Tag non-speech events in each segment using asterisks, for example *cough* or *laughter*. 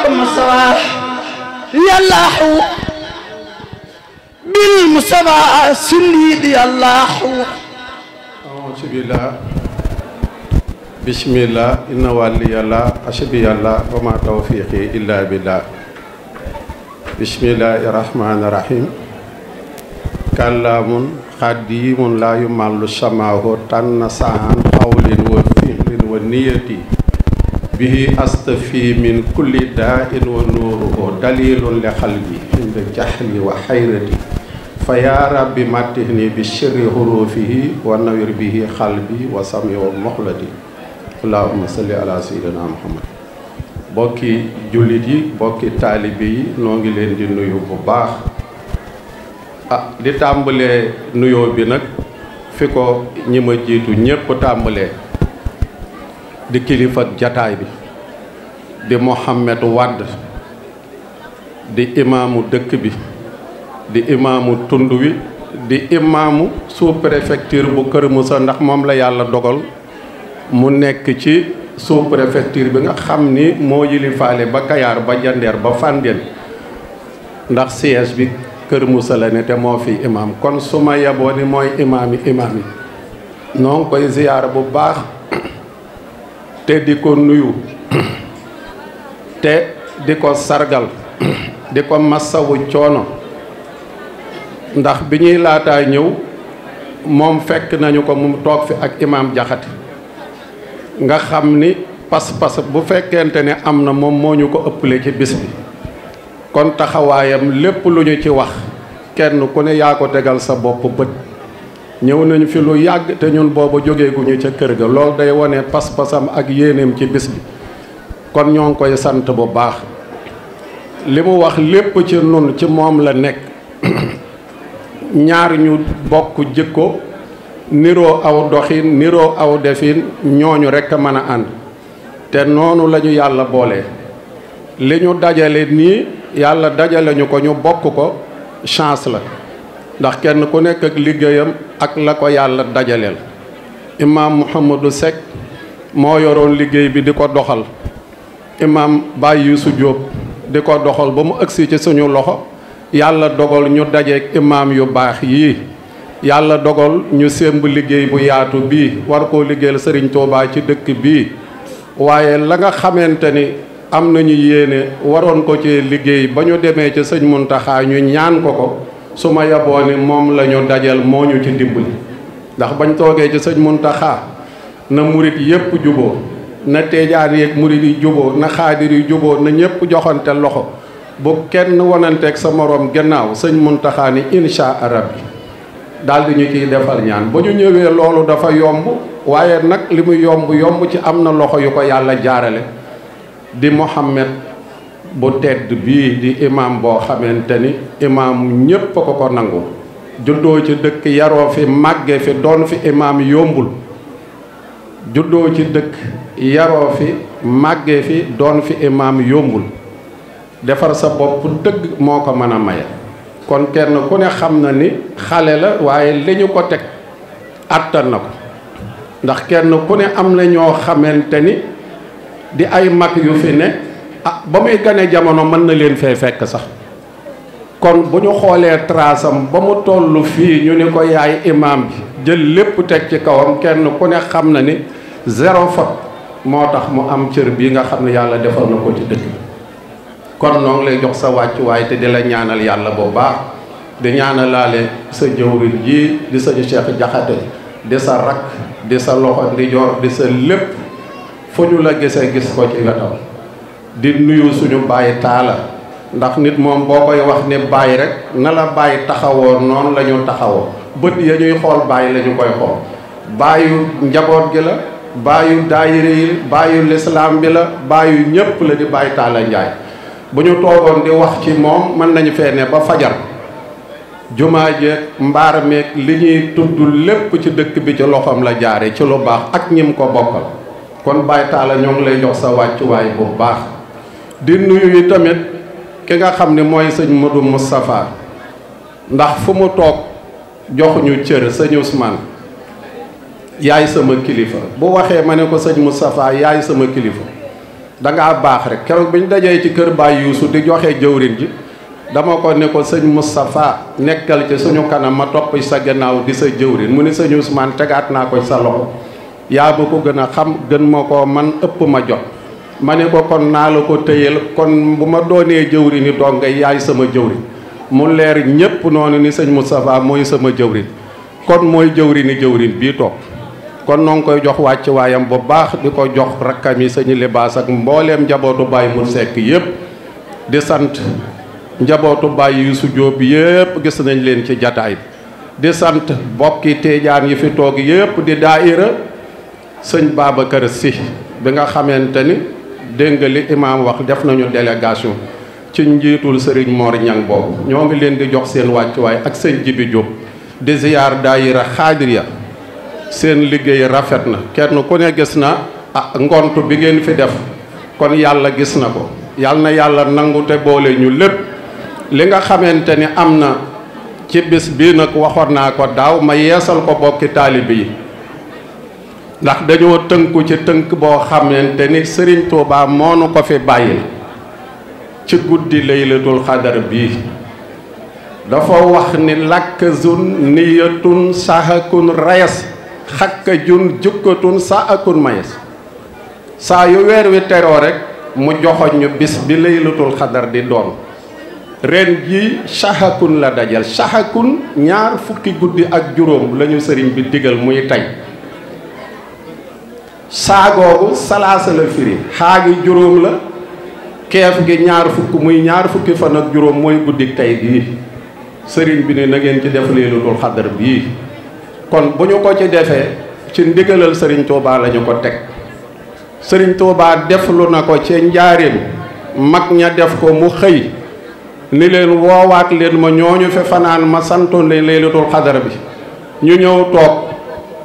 لكم الصباح يلاحو بالمصباح سنيد يلاحو أعوذ الله بسم الله إن والي الله حسبي الله وما توفيقي إلا بالله بسم الله الرحمن الرحيم كلام قديم لا يمل سماه تنسى قول وفعل ونيتي به أستفي من كل داء ونوره دليل لقلبي عند جهلي وحيرتي فيا رب مدهني بشر حروفه ونوير به قلبي وسمي ومخلدي اللهم صل على سيدنا محمد بوكي جوليدي بوكي طالبي نونغي لين دي نويو بو باخ آه، دي تامبلي نويو بي نك فيكو نيما جيتو نييب تامبلي di kilifa jataay bi di Mohamed Wade di imaamu dëkk bi di imaamu tund wi di imaamu sous bu Kër ndax moom la yàlla dogal mu nekk ci sous bi nga xam ni moo yilifaale ba Kayaar ba Jandeer ba Fandène ndax siège bi Kër Moussa la ne te moo fi imaam kon su ma yeboo mooy imaam imaam yi noo koy ziyaara bu baax te di ko nuyu te di ko sargal di ko massawu coono ndax bi ñuy laataa ñëw moom fekk nañu ko mu toog fi ak imaam jaxati nga xam ni pas-pas bu fekkente ne am na moom moo ñu ko ëppale ci bis bi kon taxawaayam lépp lu ñu ci wax kenn ku ne yaa ko tegal sa bopp bët ñëw nañu fi lu yàgg te ñun booba jógeeguñu ca kër ga loolu day wane pas-pasam ak yéeneem ci bis bi kon ñoo koy sant bu baax li mu wax lépp ci nun ci moom la nekk *clears throat* ñaar ñu bokk jikko niroo aw doxin niroo aw defin ñooñu rekk a mën a ànd te noonu lañu yàlla boole li ñu dajale nii yàlla dajale ko ñu bokk ko chance la ndax kenn ku nekk ak liggéeyam ak la ko yàlla dajaleel imaam Mouhamadou Seck moo yoroon liggéey bi di ko doxal imaam Baye Youssou Diop di ko doxal ba mu agsi ci suñu loxo yàlla dogal ñu dajeek imaam yu baax yii yàlla dogal ñu sémb liggéey bu yaatu bii war koo liggéeyal Serigne Touba ci dëkk bii waaye la nga xamante ni am nañu yéene waroon ko ci liggéey ba ñu demee ci sëñ Muntaxa ñu ñaan ko ko su ma yaboo ni moom la ñu dajal moo ñu ci dimbali ndax bañ toogee ci sëñ Muntaxa na murit yépp juboo na teejaan yeeg murit yi juboo na xaadir yi juboo na ñépp joxante loxo bu kenn wananteeg sa moroom gannaaw sëñ Muntaxa ni insha arab yi daal ñu ciy defal ñaan ba ñu ñëwee loolu dafa yomb waaye nag li mu yomb yomb ci am na loxo yu ko yàlla jaarale di Mohammed bu tedd bii di imam boo xamante ni imam ñépp ko ko nangu juddoo ci dëkk yaroo fi màgge fi doon fi imam yombul juddoo ci dëkk yaroo fi màgge fi doon fi imam yombul defar sa bopp dëgg moo ko mën a maye kon kenn ku ne xam na ni xale la waaye li ko teg àttan na ko ndax kenn ku ne am na ñoo xamante ni di ay mag yu fi ne a ah, ba muy gane jamono mën na leen fee fekk sax kon bu ñu xoolee trace am ba mu toll fii ñu ni ko yaay imaam bi jël lépp teg ci kawam kenn ku ne xam na ni zéro faute moo tax mu am cër bii nga xam ne yàlla defal na ko ci dëkk bi kon noo lay jox sa wàccuwaay te di la ñaanal yàlla boobaa baax di ñaanalaale sa jëwriñ ji di sa Cheikh Jaxate di sa rakk di sa loxo di di sa lépp fu ñu la gisee gis ko ci wetam di nuyu suñu bàyyi taala ndax nit moom boo koy wax ne bàyyi rek na la bàyyi taxawoo noonu lañu ñu taxawoo bët yañuy ñuy xool bàyyi la ñu koy xool bàyyu njaboot gi la bàyyu daayira yi lislaam bi la bàyyu ñépp la di bàyyi taala njaay bu ñu toogoon di wax ci moom mën nañu fee ne ba fajar jumaa jeeg mbaar meeg li ñuy tudd lépp ci dëkk bi ci loxoom la jaare ci lu baax ak ñim ko bokkal kon bàyyi taala ñoo lay jox sa wàccuwaay bu baax di nuyu yi tamit ki nga xam ne mooy sëñ Modou Moustapha ndax fu mu toog joxuñu cër sëñ Ousmane yaay sama kilifa bu waxee ma ne ko sëñ Moustapha yaay sama kilifa dangaa baax rek keroog bi ñu dajee ci kër Baay Yuusu di joxe jëwrin ji dama ko ne ko sëñ Moustapha nekkal ci suñu kanam ma topp sa gannaaw di sa jëwrin mu ne sëñ Ousmane tegaat naa ko sa loxo yaa ma ko gën a xam gën ma ko man ëpp ma jot ma ne ko kon naa la ko téyal kon bu ma doonee jëwri ni nga yaay sama jëwri mu leer ñépp noonu ni sëñ Moustapha mooy sama jëwrin kon mooy jëwri ni jëwrin bii toog kon noo ngi koy jox wàcc waayam bu baax di ko jox rakkam yi sëñ libaas ak mbooleem njabootu Baye mu sekk yépp di sant njabootu Baye Youssou Diop yépp gis nañ leen ci jataay bi di sant bokki teejaan yi fi toog yépp di daa daaira sëñ Babacar Sy bi nga xamante ni dégg nga li imaam wax def nañu délégation ci njiitul Serigne Mor boobu ñoo ngi leen di jox seen wàccuwaay ak seen jibi Diop di ziyaar daayira xaadiriya seen liggéey rafet na kenn ku ne gis na ah ngont bi ngeen fi def kon yàlla gis na ko yàlla na yàlla nangu te boole ñu lépp li nga xamante ni am na ci bis bii nag waxoon naa ko daaw ma yeesol ko bokki taalibe yi ndax dañoo tënku ci tënk boo xamante ni Serigne Touba moo nu ko fi bàyyil ci guddi laylatul xadar bii dafa wax ni làkk zun niyatun saxakun rayas xakka jun jukkatun saakun mayas saa yu weer wi teroo rek mu joxoñ ñu bis bi laylatul xadar di doon ren ji saxakun la dajal saxakun ñaar fukki guddi ak juróom lañu sëriñ bi digal muy tey saa googu salaasa la firi xaa juróom la keef gi ñaar fukk muy ñaar fukki fan ak juróom mooy guddik tey bii sëriñ bi ne na ngeen ci def leelatul xadar bii kon bu ñu ko ci defee ci ndigalal sëriñ Touba la ko teg sëriñ Touba deflu na ko ci njaareem mag ña def ko mu xëy ni leen woowaat leen ma ñooñu fi fanaan ma santoon leen leelatul xadar bi ñu ñëw toog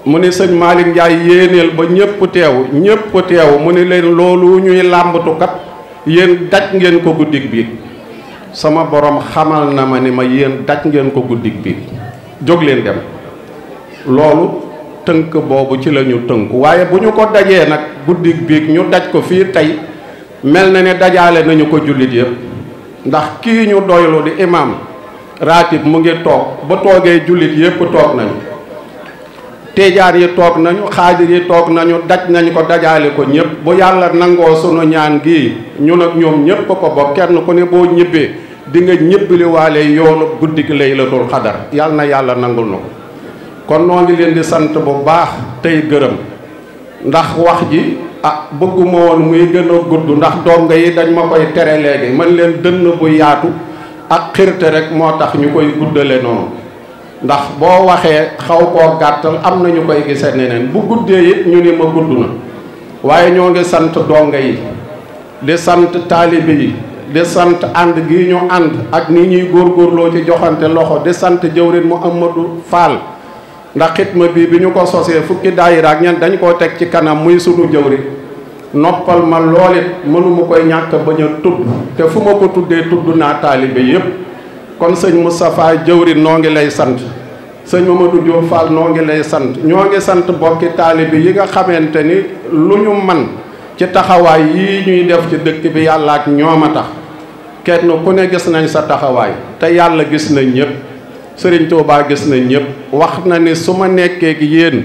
mu ni sëñ Malick Ndiaye yéeneel ba ñëpp teew ñëpp teew mu ni leen loolu ñuy làmbatukat yéen daj ngeen ko guddig bi sama borom xamal na ma ni ma yéen daj ngeen ko guddig bi jóg leen dem loolu tënk boobu ci lañu ñu tënk waaye bu ñu ko dajee nag guddig biig ñu daj ko fii tey mel na ne dajaale nañu ko jullit yëpp ndax kii ñu doylu di imaam raatib mu ngi toog ba toogee jullit yëpp toog nañu teejaar yi toog nañu xaajir yi toog nañu daj nañ ko dajaale ko ñëpp bu yàlla nangoo sunu ñaan gi ñu nag ñoom ñëpp ko bokk kenn ku ne boo ñibbee di nga ñibbiliwaale yoonu guddi gi laylatul xadar yàlla na yàlla nangul na ko kon noo ngi leen di sant bu baax tey gërëm ndax wax ji ah bëgguma woon muy gën gudd ndax donga yi dañ ma koy tere léegi man leen dënn bu yaatu ak xirte rek moo tax ñu koy guddale noonu ndax boo waxee xaw koo gàttal am na ñu koy gise neneen bu guddee it ñu ni ma gudd na waaye ñoo ngi sant donga yi di sant taalibe yi di sant ànd gi ñu ànd ak ni ñuy góor góorloo ci joxante loxo di sant jëwrin Muhammadu Fall ndax xit ma bi bi ñu ko sosee fukki daayira ak ñan dañ koo teg ci kanam muy sunu jëwrin noppal ma loolit mënuma koy ñàkk bañ a tudd te fu ma ko tuddee tudd naa taalibe yépp kon sëñ Moustapha jëwri noo ngi lay sant sëñ Mamadou Diop Fall noo ngi lay sant ñoo ngi sant bokki taalibe yi nga xamante ni lu ñu man ci taxawaay yii ñuy def ci dëkk bi yàlla ak ñoom a tax kenn ku ne gis nañ sa taxawaay te yàlla gis na ñëpp sëriñ Touba gis na ñëpp wax na ni su ma nekkee yéen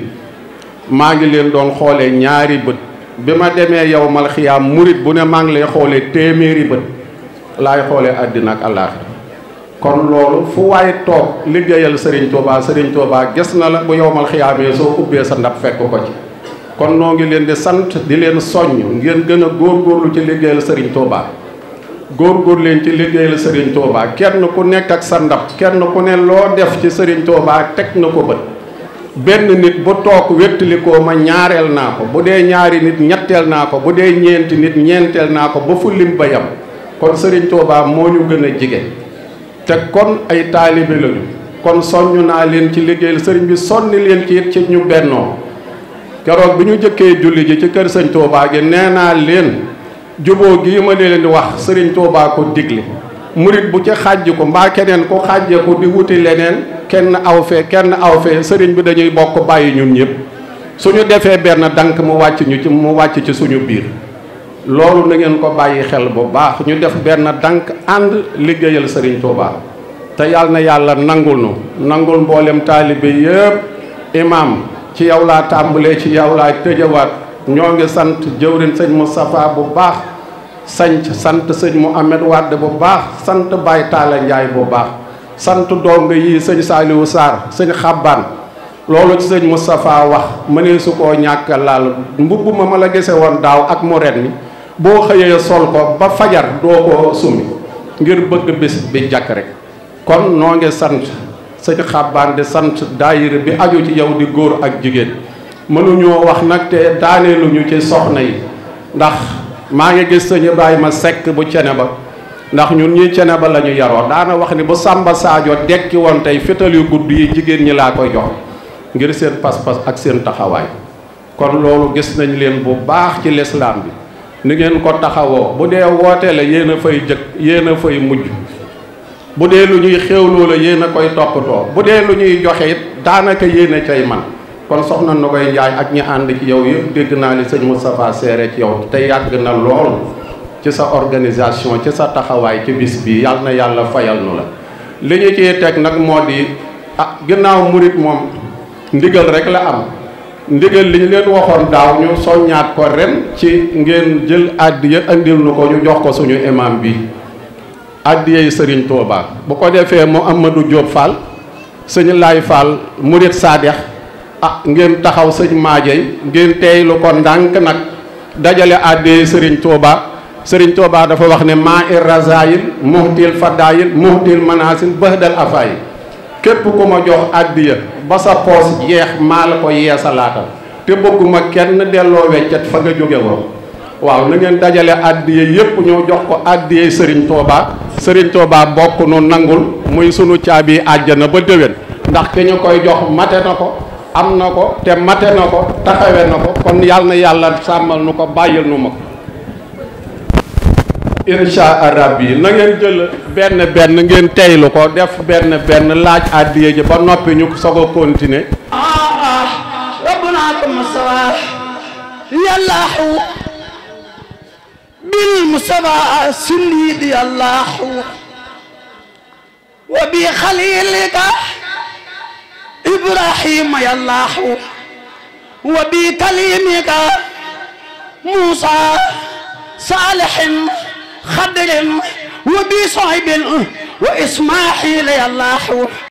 maa ngi leen doon xoolee ñaari bët bi ma demee yow mal xiyaam murit bu ne maa ngi lay xoolee téeméeri bët laay xoolee àddina ak àllaaxira kon loolu fu waaye toog liggéeyal Serigne Touba Serigne Touba gis na la bu yowmal xiyaamee soo ubbee sa ndab fekk ko ci kon noo ngi leen di sant di leen soññ ngeen gën a góorgóorlu ci liggéeyal Serigne góor góorgóor leen ci liggéeyal Serigne Touba kenn ku nekk ak sa ndab kenn ku ne loo def ci Serigne Touba teg na ko bët benn nit bu toog wéttalikoo ma ñaareel naa ko bu dee ñaari nit ñetteel naa ko bu dee ñeenti nit ñeenteel naa ko ba fu lim ba yam kon Serigne Touba moo ñu gën a jige te kon ay taalibe lañu kon soññ naa leen ci liggéeyal sëriñ bi sonni leen ci ci ñu bennoo keroog bi ñu jëkkee julli ji ci kër sëñ Touba nee naa leen juboo gi ma leen di wax sëriñ Touba ko digle murit bu ci xàjj ko mbaa keneen ku xàjje ko di wuti leneen kenn aw fee kenn aw fee sëriñ bi dañuy bokk bàyyi ñun ñëpp suñu defee benn dank mu wàcc ñu ci mu wàcc ci suñu biir loolu na ngeen ko bàyyi xel bu baax ñu def benn dànk ànd liggéeyal Serigne Touba te yàlla na yàlla nangul nu nangul mboolem taalibe yëpp imam ci yow laa tàmbalee ci yow laa tëjawaat ñoo ngi sant jëwrin sëñ Moustapha bu baax sanc sant sëñ Mouhamed Wade bu baax sant bàyyi Talla Ndiaye bu baax sant dong yi sëñ Saliou Sarr sëñ Xabbaan loolu ci sëñ Moustapha wax mënee su koo ñàkk laal mbubb ma ma la gise woon daaw ak mu ren mi boo xëyee sol ko ba fajar doo ko summi ngir bëgg bés bi jàkk rekk kon noo ngi sant sëñ xabbaan di sant daayira bi aju ci yow di góor ak jigéen mënuñoo wax nag te daaneeluñu ci soxna yi ndax maa ngi gis sëñ ma Seck bu cene ba ndax ñun ñi cene ba la ñu yaroo daana wax ni bu Samba Sadio dekki woon tey fétal yu gudd yi jigéen ñi laa koy jox ngir seen pas-pas ak seen taxawaay kon loolu gis nañ leen bu baax ci lislaam bi ni ngeen ko taxawoo bu dee wootee la yéen a fay jëkk yéen a fay mujj bu dee lu ñuy xéewloo la yéen a koy toppatoo bu dee lu ñuy joxe it daanaka yéen a cay man kon soxna na koy njaay ak ñi ànd ci yow yëpp dégg naa li sëñ Moustapha seere ci yow te yàgg na lool ci sa organisation ci sa taxawaay ci bis bi yàlla na yàlla fayal nu la li ñu ciy teg nag moo di ah ginnaaw murit moom ndigal rek la am ndigal li ñu leen waxoon daaw ñu soññaat ko ren ci ngeen jël addiya andil nu ko ñu jox ko suñu imam bi addiyey sëriñ Touba bu ko defee mu Amadou Diop Fall sëñ Laay Fall murit Sadex ah ngeen taxaw sëñ Maajey ngeen teeylu ko ndànk nag dajale addiyey sëriñ Touba sëriñ Touba dafa wax ne maa irrazayil muhtil fadayil muhtil manasin bahdal afayil képp ku ma jox àddiya ba sa poos jeex maa la ko yeesalaatal te bëgguma kenn delloo weccet fa nga jóge woon waaw na ngeen dajale àddiya yépp ñoo jox ko àddiya sëriñ Touba sëriñ Touba bokk nu nangul muy sunu caabi àjjana ba déwén ndax ki ñu koy jox mate na ko am na ko te mate na ko taxawe na ko kon yàlla na yàlla sàmmal nu ko bàyyil nu ma ko insha rabbi na ngeen jël benn benn ngeen teylu ko def benn benn laaj àddiye ji ba noppi ñu soog a continuer ربناكم الصواب يالله بالمصطفى سنيد يالله وبخليلك إبراهيم يالله وبكليمك موسى صالح خضر وبي صاحب وإسماعيل يا الله